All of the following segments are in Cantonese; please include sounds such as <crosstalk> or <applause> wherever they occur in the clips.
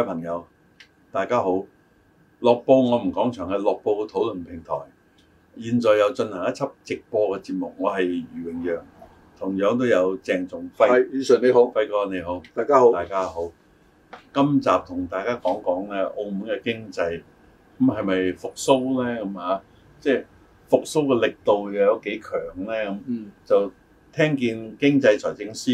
各位朋友，大家好！樂報我們講場嘅樂報嘅討論平台，現在又進行一輯直播嘅節目。我係余永揚，同樣都有鄭仲輝。以上你好，輝哥你好，大家好，大家好。今集同大家講講咧，澳門嘅經濟咁係咪復甦咧？咁啊，即係復甦嘅力度又有幾強咧？咁、嗯、就聽見經濟財政司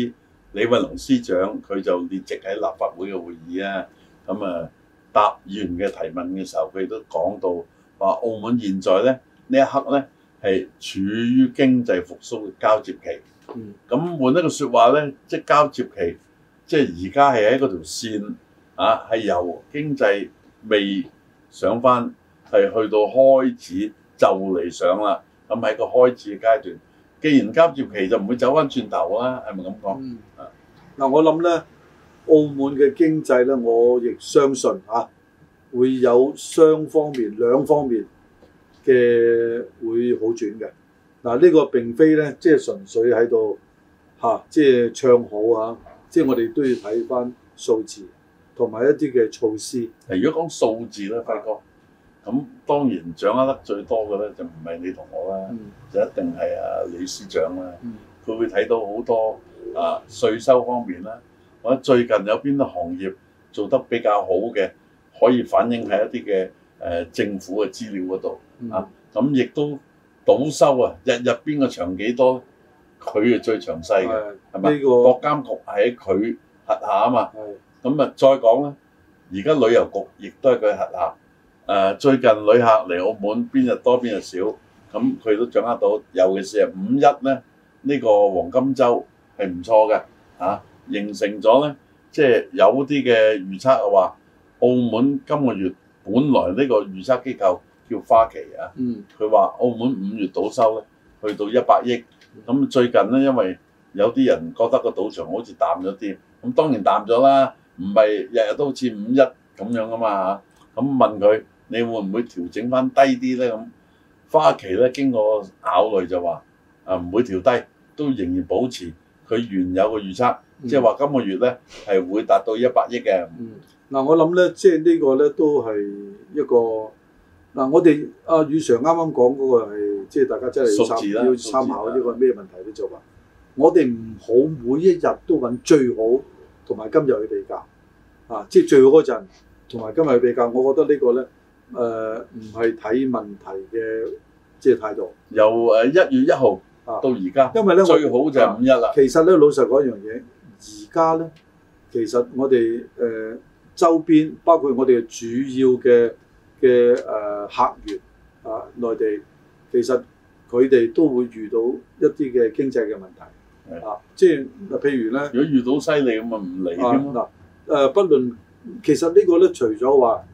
李運龍司長佢就列席喺立法會嘅會議啊。咁啊、嗯、答完嘅提問嘅時候，佢都講到話澳門現在咧呢一刻咧係處於經濟復甦嘅交接期。咁換、嗯、一個説話咧，即係交接期，即係而家係喺嗰條線啊，係由經濟未上翻，係去到開始就嚟上啦。咁喺個開始階段，既然交接期就唔會走翻轉頭啦，係咪咁講？嗱、嗯啊，我諗咧。澳門嘅經濟咧，我亦相信嚇、啊、會有雙方面兩方面嘅會好轉嘅。嗱、啊，呢、這個並非咧，即係純粹喺度嚇，即係唱好啊，即係、啊、我哋都要睇翻數字同埋一啲嘅措施。如果講數字咧，輝哥咁當然掌握得最多嘅咧，就唔係你同我啦，就一定係阿李司長啦。佢、嗯、會睇到好多啊，稅收方面啦。我最近有邊啲行業做得比較好嘅，可以反映喺一啲嘅誒政府嘅資料嗰度、嗯、啊。咁亦都倒收啊，日日邊個場幾多，佢就最詳細嘅，係咪的？呢吧、這個國監局係喺佢轄下啊嘛。咁啊的，再講咧，而家旅遊局亦都係佢轄下。誒、呃，最近旅客嚟澳門邊日多，邊日少，咁佢都掌握到。尤其是係五一咧，呢、這個黃金周係唔錯嘅啊。形成咗呢，即係有啲嘅預測話，澳門今個月本來呢個預測機構叫花旗啊，佢話澳門五月賭收呢，去到一百億。咁最近呢，因為有啲人覺得個賭場好似淡咗啲，咁當然淡咗啦，唔係日日都好似五一咁樣噶嘛嚇。咁問佢你會唔會調整返低啲呢？咁花旗呢，經過考慮就話啊，唔會調低，都仍然保持佢原有嘅預測。嗯、即係話今個月咧係會達到一百億嘅。嗱、嗯啊，我諗咧，即係呢個咧都係一個嗱、啊，我哋阿、啊、宇常啱啱講嗰個係，即係大家真係要參要參考呢個咩問題咧就話，啊、我哋唔好每一日都揾最好同埋今日去比較啊，即係最好嗰陣同埋今日去比較，我覺得個呢個咧誒唔係睇問題嘅即係態度。1> 由誒一月一號到而家、啊，因為咧最好就係五一啦。其實咧老實講一樣嘢。而家咧，其實我哋誒、呃、周邊，包括我哋主要嘅嘅誒客源啊、呃，內地，其實佢哋都會遇到一啲嘅經濟嘅問題的啊，即係譬如咧，如果遇到犀利咁啊，唔理添咯。嗱誒，不論其實個呢個咧，除咗話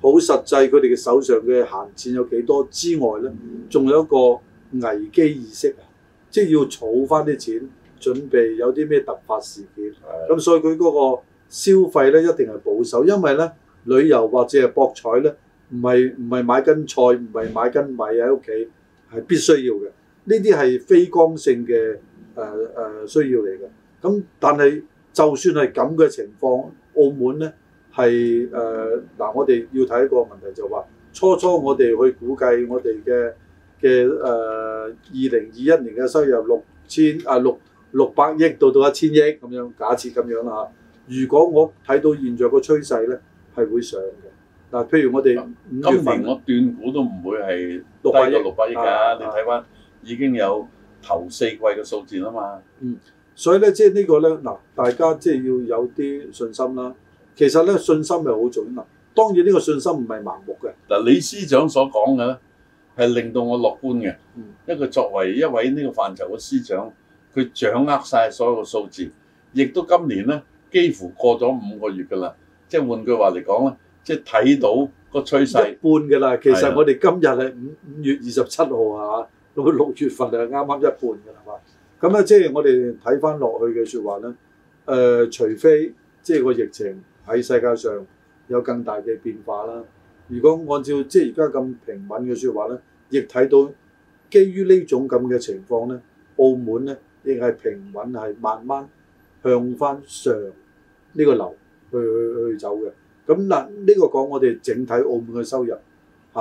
好實際佢哋嘅手上嘅閒錢有幾多之外咧，仲、嗯、有一個危機意識啊，即、就、係、是、要儲翻啲錢。準備有啲咩突發事件，咁的所以佢嗰個消費咧，一定係保守，因為咧，旅遊或者係博彩咧唔係唔係買斤菜，唔係買斤米喺屋企係必須要嘅。呢啲係非剛性嘅誒誒需要嚟嘅。咁但係就算係咁嘅情況，澳門咧係誒嗱，我哋要睇一個問題就話、是，初初我哋去估計我哋嘅嘅誒二零二一年嘅收入六千啊六。六百億到到一千億咁樣，假設咁樣啦嚇。如果我睇到現在個趨勢咧，係會上嘅嗱。譬如我哋五月份今年我斷估都唔會係低過六百億㗎。啊啊、你睇翻已經有頭四季嘅數字啦嘛。嗯，所以咧，即係呢個咧嗱，大家即係要有啲信心啦。其實咧，信心係好準啦。當然呢個信心唔係盲目嘅嗱。李司長所講嘅係令到我樂觀嘅，一個作為一位呢個範疇嘅司長。佢掌握晒所有嘅數字，亦都今年咧幾乎過咗五個月㗎啦。即係換句話嚟講咧，即係睇到個趨勢一半㗎啦。其實是的 我哋今日係五五月二十七號啊，到六月份係啱啱一半㗎係嘛？咁咧即係我哋睇翻落去嘅説話咧，誒、呃，除非即係個疫情喺世界上有更大嘅變化啦。如果按照即係而家咁平穩嘅説話咧，亦睇到基於呢種咁嘅情況咧，澳門咧。亦係平穩，係慢慢向翻上呢個樓去去，去走嘅。咁嗱，呢、這個講我哋整體澳門嘅收入吓。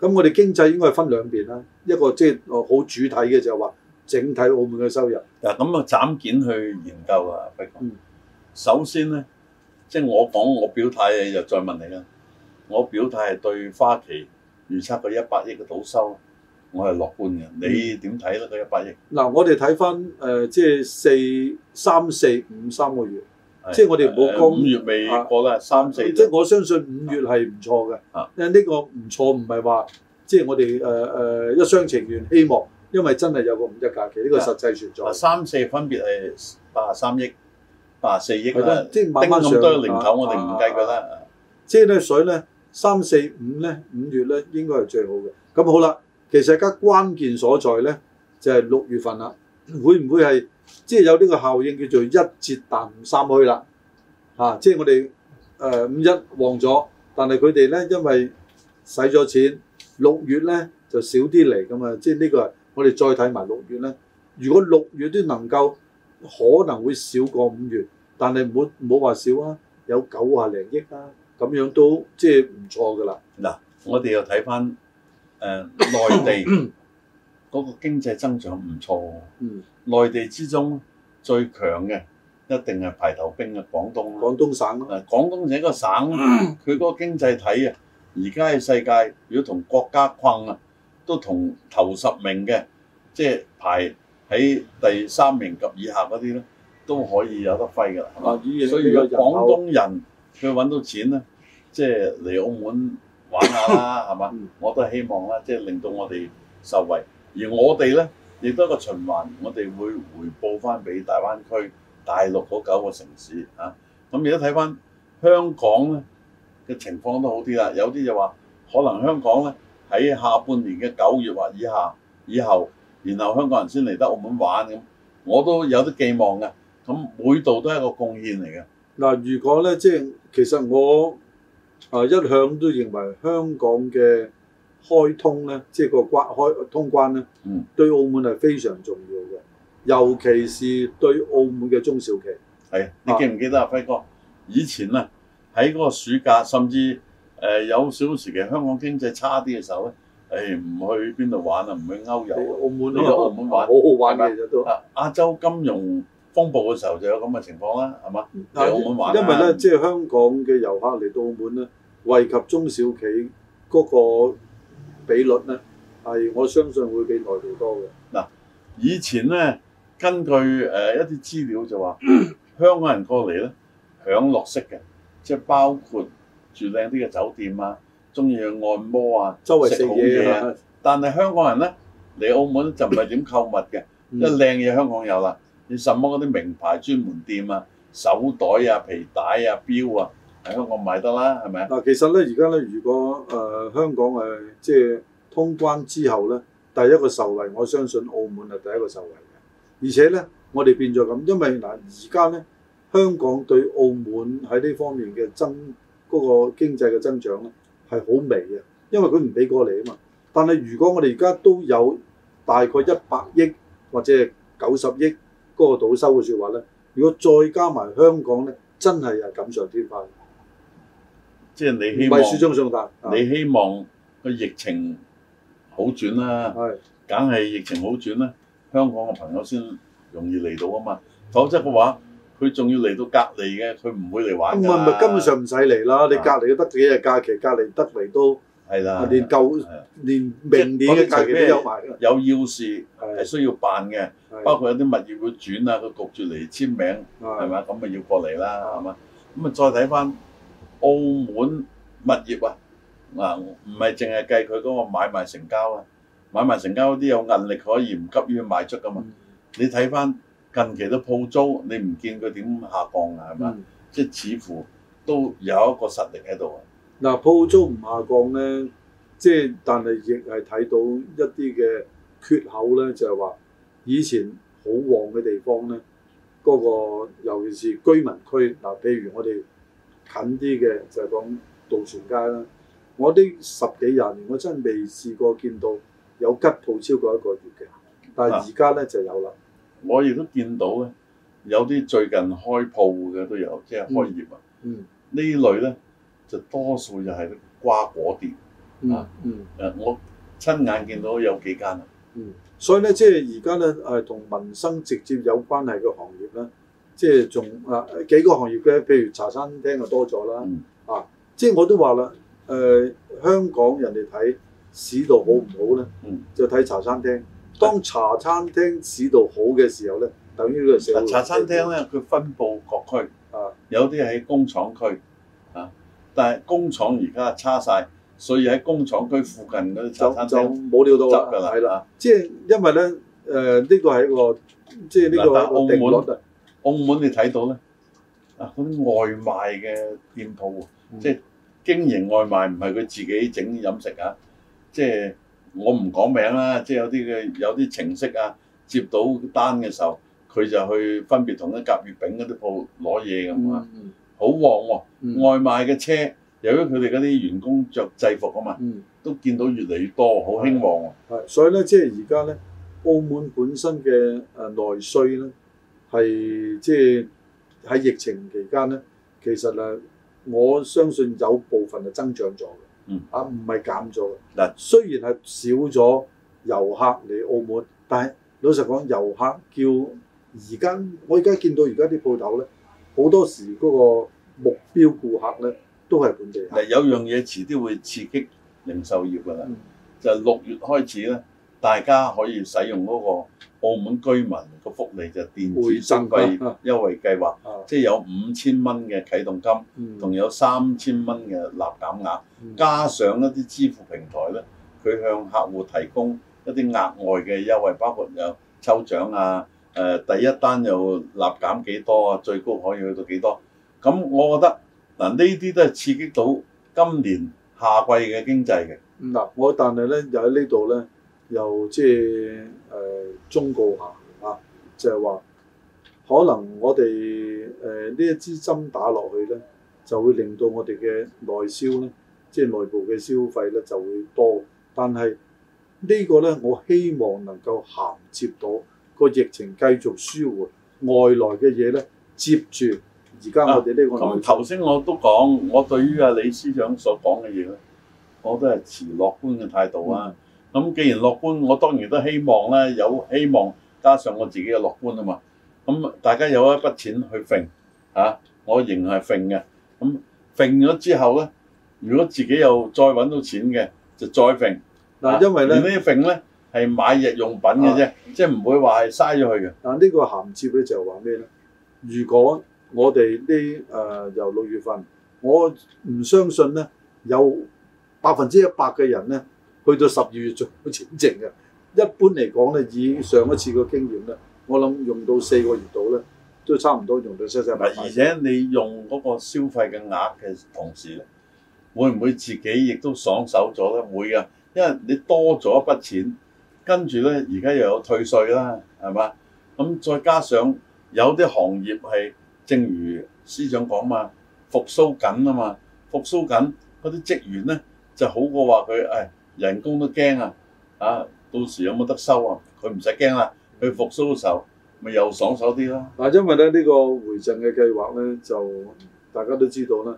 咁、啊、我哋經濟應該係分兩邊啦，一個即係好主體嘅就係話整體澳門嘅收入。嗱、嗯，咁啊斬件去研究啦。不過首先咧，即係我講我表態就再問你啦。我表態係對花旗預測嘅一百億嘅賭收。我係樂觀嘅，你點睇咧？嗰一百億嗱，我哋睇翻誒，即係四三四五三個月，即係我哋唔好講五月未過啦，三四即係我相信五月係唔錯嘅，因為呢個唔錯唔係話即係我哋誒誒一廂情願希望，因為真係有個五一假期，呢個實際存在。三四分別係八十三億、八十四億，即係掟翻咁多零頭，我哋唔計㗎啦。即係咧，所以咧，三四五咧，五月咧，應該係最好嘅。咁好啦。其實而家關鍵所在咧，就係、是、六月份啦，會唔會係即係有呢個效應叫做一節淡三虛啦？嚇、啊，即係我哋誒、呃、五一旺咗，但係佢哋咧因為使咗錢，六月咧就少啲嚟㗎嘛。即係呢個，我哋再睇埋六月咧。如果六月都能夠，可能會少過五月，但係唔好唔好話少啊，有九啊零億啊，咁樣都即係唔錯㗎啦。嗱，我哋又睇翻。誒、呃、內地嗰個經濟增長唔錯， <coughs> 內地之中最強嘅一定係排頭兵啊，廣東啦、啊，廣東省啊，廣東成個省佢嗰個經濟體啊，而家喺世界如果同國家框啊，都同頭十名嘅，即係排喺第三名及以下嗰啲咧，都可以有得揮㗎啦。 <coughs> 所以廣東人佢揾 <coughs> 到錢咧，即係嚟澳門。玩下啦，係嘛？ <coughs> 我都希望啦，即係令到我哋受惠。而我哋呢，亦都係一個循環，我哋會回報翻俾大灣區、大陸嗰九個城市嚇。咁而家睇翻香港呢嘅情況都好啲啦。有啲就話可能香港呢喺下半年嘅九月或以下以後，然後香港人先嚟得澳門玩咁。我都有啲寄望嘅。咁、嗯、每度都係一個貢獻嚟嘅。嗱，如果呢，即係其實我。誒一向都認為香港嘅開通咧，即係個關開通關咧，嗯、對澳門係非常重要嘅，尤其是對澳門嘅中小企。係，你記唔記得阿、啊啊、輝哥？以前咧喺嗰個暑假，甚至誒、呃、有少少時期香港經濟差啲嘅時候咧，誒、欸、唔去邊度玩、嗯、玩、玩啊？唔去歐遊啊？去澳門呢個澳門玩好好玩嘅，其實都亞洲金融風暴嘅時候就有咁嘅情況啦，係嘛？嚟澳門玩啊，因為咧，即係香港嘅遊客嚟到澳門咧，惠及中小企嗰個比率咧，係我相信會比內地多嘅。嗱，以前咧，根據誒一啲資料就話，香港人過嚟咧，享樂式嘅，即係包括住靚啲嘅酒店啊，中意去按摩啊，周圍食好嘢啊。但係香港人咧，嚟澳門就唔係點購物嘅，因為靚嘢香港有啦。你什麼嗰啲名牌專門店啊、手袋啊、皮帶啊、錶啊，喺香港買得啦，係咪啊？嗱，其實咧，而家咧，如果誒、呃、香港誒即係通關之後咧，第一個受惠，我相信澳門係第一個受惠嘅。而且咧，我哋變咗咁，因為嗱而家咧，香港對澳門喺呢方面嘅增嗰、那個經濟嘅增長咧係好微嘅，因為佢唔俾過嚟啊嘛。但係如果我哋而家都有大概一百億或者九十億。嗰個倒收嘅説話咧，如果再加埋香港咧，真係又錦上添花。即係你希望，雪中送炭你希望個疫情好轉啦，啊，梗係是疫情好轉啦，啊，香港嘅朋友先容易嚟到啊嘛。否則嘅話，佢仲要嚟到隔離嘅，佢唔會嚟玩。唔係唔係，根本上唔使嚟啦。你隔離都得幾日假期，隔離得嚟都。係啦，連舊連明年嘅假期都有賣㗎。有要事係需要辦嘅，包括有啲物業會轉啊，佢焗住嚟簽名，係咪啊？咁咪要過嚟啦，係嘛？咁啊，再睇翻澳門物業啊，嗱，唔係淨係計佢嗰個買賣成交啊，買賣成交嗰啲有韌力可以唔急於賣出㗎嘛？你睇翻近期都鋪租，你唔見佢點下降啊？係咪？即係似乎都有一個實力喺度。嗱，鋪租唔下降咧，即係但係亦係睇到一啲嘅缺口咧，就係話以前好旺嘅地方咧，嗰個尤其是居民區嗱，譬如我哋近啲嘅就係講渡船街啦。我啲十幾廿年，我真係未試過見到有吉鋪超過一個月嘅，但係而家咧就有啦。我亦都見到咧，有啲最近開鋪嘅都有，即係開業啊。嗯，呢類咧。就多數就係啲瓜果店啊，誒、嗯，嗯、我親眼見到有幾間啊、嗯，所以咧，即係而家咧，誒，同民生直接有關係嘅行業咧，即係仲誒幾個行業嘅，譬如茶餐廳就多咗啦，嗯、啊，即係我都話啦，誒、呃，香港人哋睇市道好唔好咧，嗯、就睇茶餐廳。是當茶餐廳市道好嘅時候咧，等於個社會。茶餐廳咧，佢分佈各區，啊、有啲喺工廠區。但係工廠而家差晒，所以喺工廠區附近嗰啲茶餐廳冇料到啦、啊，係啦，即係、就是、因為咧，誒、呃、呢、這個係一、就是、個即係呢個我哋攞澳門你睇到咧啊啲外賣嘅店鋪，嗯、即係經營外賣唔係佢自己整飲食啊，即係我唔講名啦，即係有啲嘅有啲程式啊，接到單嘅時候，佢就去分別同一甲月餅嗰啲鋪攞嘢咁啊。嗯好旺喎！外賣嘅車由於佢哋嗰啲員工著制服啊嘛，都見到越嚟越多，好興旺喎。係，所以咧，即係而家咧，澳門本身嘅誒內需咧，係即係喺疫情期間咧，其實誒，我相信有部分係增長咗嘅。嗯，啊，唔係減咗嘅。嗱，雖然係少咗遊客嚟澳門，但係老實講，遊客叫而家，我而家見到而家啲鋪頭咧。好多時嗰個目標顧客咧都係本地客。有樣嘢遲啲會刺激零售業㗎啦，嗯、就六月開始咧，大家可以使用嗰個澳門居民個福利就電子消費優惠計劃，啊、即係有五千蚊嘅啟動金，同、嗯、有三千蚊嘅立減額，嗯、加上一啲支付平台咧，佢向客戶提供一啲額外嘅優惠，包括有抽獎啊。誒、呃、第一單又立減幾多啊？最高可以去到幾多？咁、嗯、我覺得嗱，呢、呃、啲都係刺激到今年夏季嘅經濟嘅。嗱、嗯，我但係咧，又喺呢度咧，又即係誒忠告下嚇，就係、是、話可能我哋誒、呃、呢一支針打落去咧，就會令到我哋嘅內銷咧，即係內部嘅消費咧就會多。但係呢個咧，我希望能夠銜接到。個疫情繼續舒緩，外來嘅嘢咧接住，而家、啊、我哋呢個。咁頭先我都講，我對於阿、啊、李司長所講嘅嘢咧，我都係持樂觀嘅態度啊。咁、嗯、既然樂觀，我當然都希望咧有希望，加上我自己嘅樂觀啊嘛。咁大家有一筆錢去揈嚇、啊，我仍係揈嘅。咁揈咗之後咧，如果自己又再揾到錢嘅，就再揈。嗱、啊，啊、因為咧，而呢揈咧。係買日用品嘅啫，啊、即係唔會話係嘥咗去嘅。但、啊這個、呢個銜接咧就係話咩咧？如果我哋呢誒由六月份，我唔相信咧有百分之一百嘅人咧去到十二月仲冇錢剩嘅。一般嚟講咧，以上一次個經驗咧，我諗用到四個月度咧都差唔多用到七七八八。而且你用嗰個消費嘅額嘅同時咧，的會唔會自己亦都爽手咗咧？會噶，因為你多咗一筆錢。跟住咧，而家又有退稅啦，係嘛？咁再加上有啲行業係正如司長講嘛，復甦緊啊嘛，復甦緊嗰啲職員咧就好過話佢誒人工都驚啊！啊，到時有冇得收啊？佢唔使驚啦，佢復甦嘅時候咪又爽手啲啦。嗱，因為咧呢個回贈嘅計劃咧，就大家都知道啦，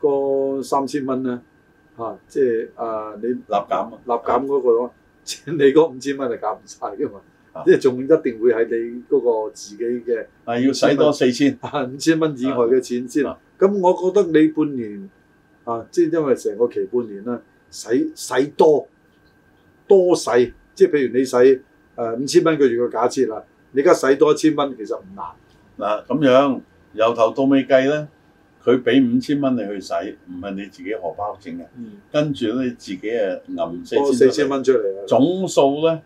嗰三千蚊咧嚇，即係啊你立減啊，立減嗰個咯。啊你嗰五千蚊係搞唔晒嘅嘛，即係仲一定會係你嗰個自己嘅。000, <laughs> 啊，要使多四千啊，五千蚊以外嘅錢先。咁我覺得你半年啊，即係因為成個期半年啦，使使多多使，即係譬如你使誒五千蚊個月嘅假設啦，你而家使多一千蚊，其實唔難。嗱、啊，咁樣由頭到尾計呢。佢俾五千蚊你去使，唔係你自己荷包整嘅。嗯、跟住咧你自己誒揞四千四千蚊出嚟啦。總數咧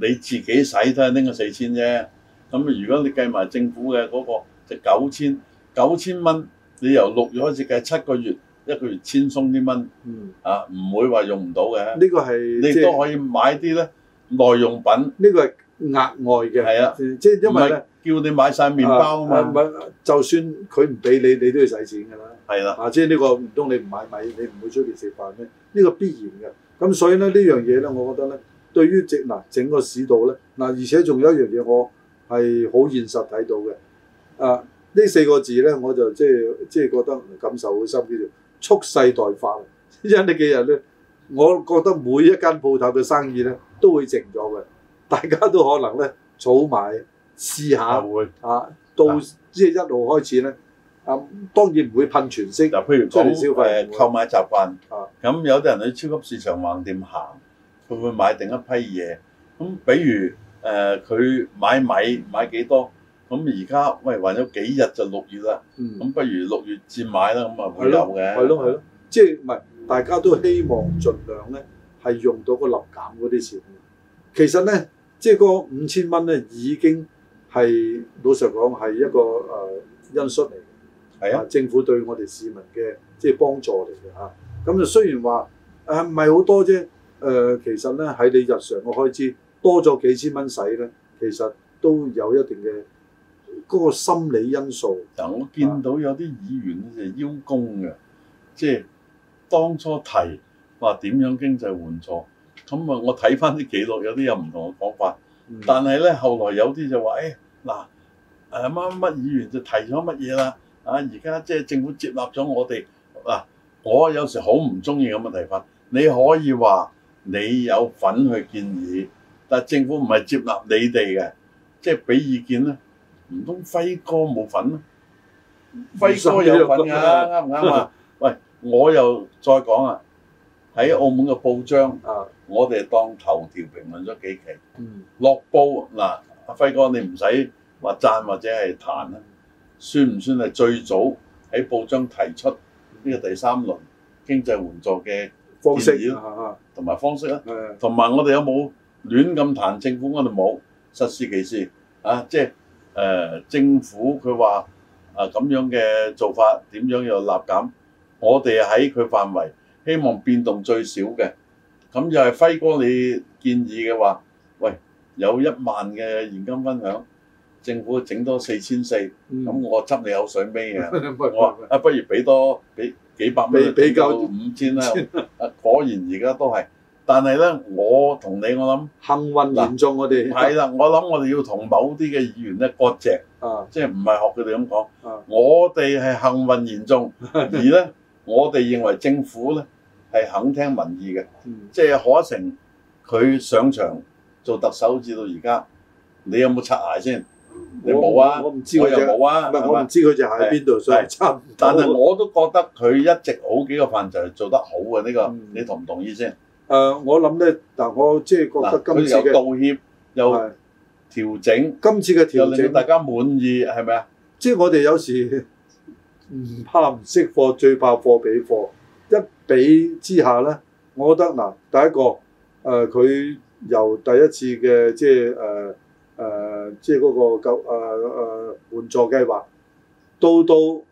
你自己使都係拎個四千啫。咁如果你計埋政府嘅嗰、嗰個就九千，九千蚊你由六月開始計七個月，一、嗯啊、個月千鬆啲蚊，啊唔會話用唔到嘅。呢個係你都可以買啲咧耐用品。呢個係額外嘅，係啊，即係因為咧。叫你買晒麵包啊嘛，買、啊啊、就算佢唔俾你，你都要使錢㗎啦。係啦的，啊，即係呢個唔通你唔買米，你唔會出面食飯咩？呢、呢個必然嘅。咁所以咧呢樣嘢咧，我覺得咧，對於整嗱、啊、整個市道咧嗱、啊，而且仲有一樣嘢我係好現實睇到嘅。啊，呢四個字咧，我就即係即係覺得感受好深啲嘅，就係、蓄勢待發。因幾呢幾日咧，我覺得每一間鋪頭嘅生意咧都會靜咗嘅，大家都可能咧儲買。試下會啊，到即係一路開始咧，啊當然唔會噴全息，即係消費購、呃、買習慣。咁、啊、有啲人喺超級市場橫掂行，佢唔會買定一批嘢？咁比如誒，佢、呃、買米買幾多？咁而家喂還有幾日就六月啦，咁、嗯、不如六月先買啦，咁啊會有嘅。係咯，係咯，即係唔係大家都希望盡量咧係用到個立減嗰啲錢。其實咧，即、就、係、是、個五千蚊咧已經。係老實講係一個誒、呃、因素嚟嘅，係啊，啊，政府對我哋市民嘅即係幫助嚟嘅嚇。咁、啊、就雖然話誒唔係好多啫，誒、呃、其實咧喺你日常嘅開支多咗幾千蚊使咧，其實都有一定嘅嗰、那個心理因素。嗱、啊，我見到有啲議員就邀功嘅，即、就、係、是、當初提話點樣經濟援助，咁啊我睇翻啲記錄，有啲有唔同嘅講法。嗯、但係咧，後來有啲就話：，誒、欸，嗱，誒乜乜乜議員就提咗乜嘢啦？啊，而家即係政府接納咗我哋。嗱、啊，我有時好唔中意咁嘅提法。你可以話你有份去建議，但係政府唔係接納你哋嘅，即係俾意見咧。唔通輝哥冇份？咧？輝哥有份㗎，啱唔啱啊？啊 <laughs> 吧喂，我又再講啊。喺澳門嘅報章，啊、我哋當頭條評論咗幾期。嗯、落報嗱、啊，輝哥你唔使話讚或者係彈啦，算唔算係最早喺報章提出呢個第三輪經濟援助嘅方式同埋方式啊？同、啊、埋我哋有冇亂咁彈政府？我哋冇，實事求是。啊，即係誒政府佢話啊咁樣嘅做法點樣有立減，我哋喺佢範圍。希望變動最少嘅，咁又係輝哥你建議嘅話，喂，有一萬嘅現金分享，政府整多四千四，咁我執你口水尾嘅，嗯、我啊，不如俾多俾幾，幾百蚊，俾夠五千啦，啊，果然而家都係，但係咧，我同你我諗幸運嚴重，我哋係啦，我諗我哋要同某啲嘅議員咧割席，啊，即係唔係學佢哋咁講，我哋係幸運嚴重，而咧。 <laughs> 我哋認為政府咧係肯聽民意嘅，嗯、即係可成佢上場做特首至到而家，你有冇擦鞋先？你冇啊？我唔知佢有冇啊？吧我唔知佢隻鞋喺邊度，但係我都覺得佢一直好幾個範疇做得好嘅呢、呢個，嗯、你同唔同意先？誒、呃，我諗咧嗱，我即係覺得今次嘅道歉又調整，今次嘅調整調令大家滿意，係咪啊？嗎即係我哋有時。唔怕唔識貨，最怕貨比貨。一比之下咧，我覺得嗱，第一個誒，佢、呃、由第一次嘅即係誒誒，即係、那、嗰個救誒誒援助計劃，到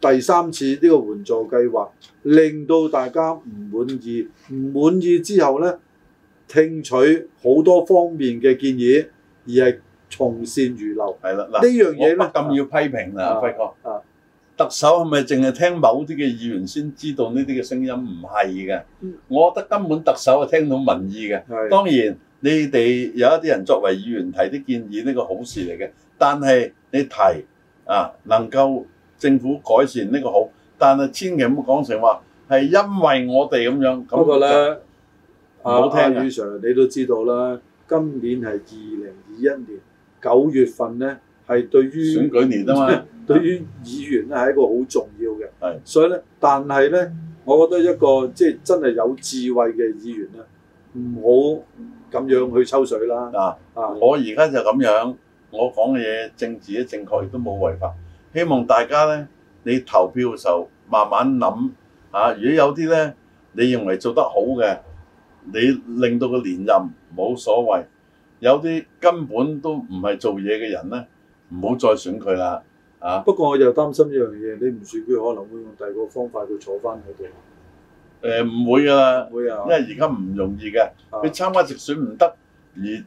到第三次呢個援助計劃，令到大家唔滿意。唔滿意之後咧，聽取好多方面嘅建議，而係從善如流。係啦的，嗱呢樣嘢咧咁要批評啦，批過啊。啊啊啊啊。特首係咪淨係聽某啲嘅議員先知道呢啲嘅聲音，唔係嘅。我覺得根本特首係聽到民意嘅。的當然你哋有一啲人作為議員提啲建議，呢個好事嚟嘅，但係你提啊，能夠政府改善呢個好，但係千祈唔好講成話係因為我哋咁樣。樣呢不過咧，我聽李 Sir 你都知道啦，今年係二零二一年九月份咧。係對於選舉年啊嘛， <laughs> 對於議員咧係一個好重要嘅。係的，所以咧，但係咧，我覺得一個即係、就是、真係有智慧嘅議員咧，唔好咁樣去抽水啦。嗱、啊，啊、我而家就咁樣，我講嘅嘢政治嘅正確，亦都冇違法。希望大家咧，你投票嘅時候慢慢諗啊。如果有啲咧，你認為做得好嘅，你令到佢連任冇所謂；有啲根本都唔係做嘢嘅人咧。唔好再選佢啦，嚇！不過我又擔心一樣嘢，你唔選佢可能會用第二個方法去坐翻佢哋。誒唔、呃、會㗎，會啊，因為而家唔容易嘅。啊、你參加直選唔得，而誒譬、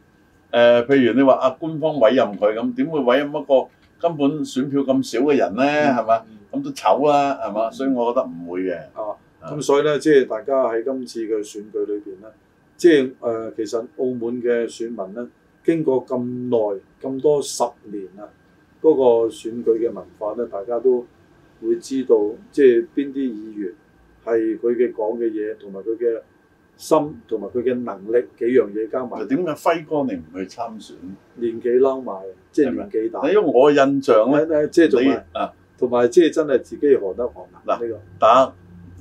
呃、如你話啊，官方委任佢咁，點會委任一個根本選票咁少嘅人咧？係嘛、嗯，咁都醜啦，係嘛，所以我覺得唔會嘅。哦、嗯，咁、啊、所以咧，即係大家喺今次嘅選舉裏邊咧，即係誒、呃，其實澳門嘅選民咧。經過咁耐咁多十年啊，嗰個選舉嘅文化咧，大家都會知道，即係邊啲議員係佢嘅講嘅嘢，同埋佢嘅心，同埋佢嘅能力幾樣嘢加埋。點解輝哥你唔去參選？年紀撈埋，即係年紀大。因為我印象咧，即係同啊，同埋即係真係自己何德何能。嗱呢個，嗱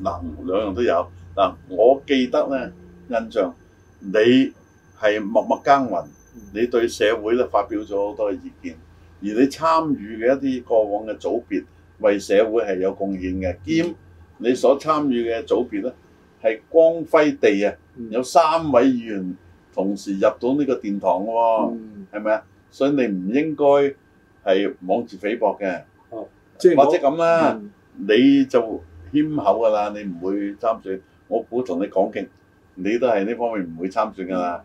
嗱兩樣都有嗱。我記得咧，印象你係默默耕耘。你對社會咧發表咗好多嘅意見，而你參與嘅一啲過往嘅組別，為社會係有貢獻嘅。兼你所參與嘅組別咧，係光輝地啊，有三位議員同時入到呢個殿堂喎、哦，係咪啊？所以你唔應該係妄自菲薄嘅。哦、啊，即係或者咁啦，嗯、你就謙厚㗎啦，你唔會參選。我估同你講極，你都係呢方面唔會參選㗎啦。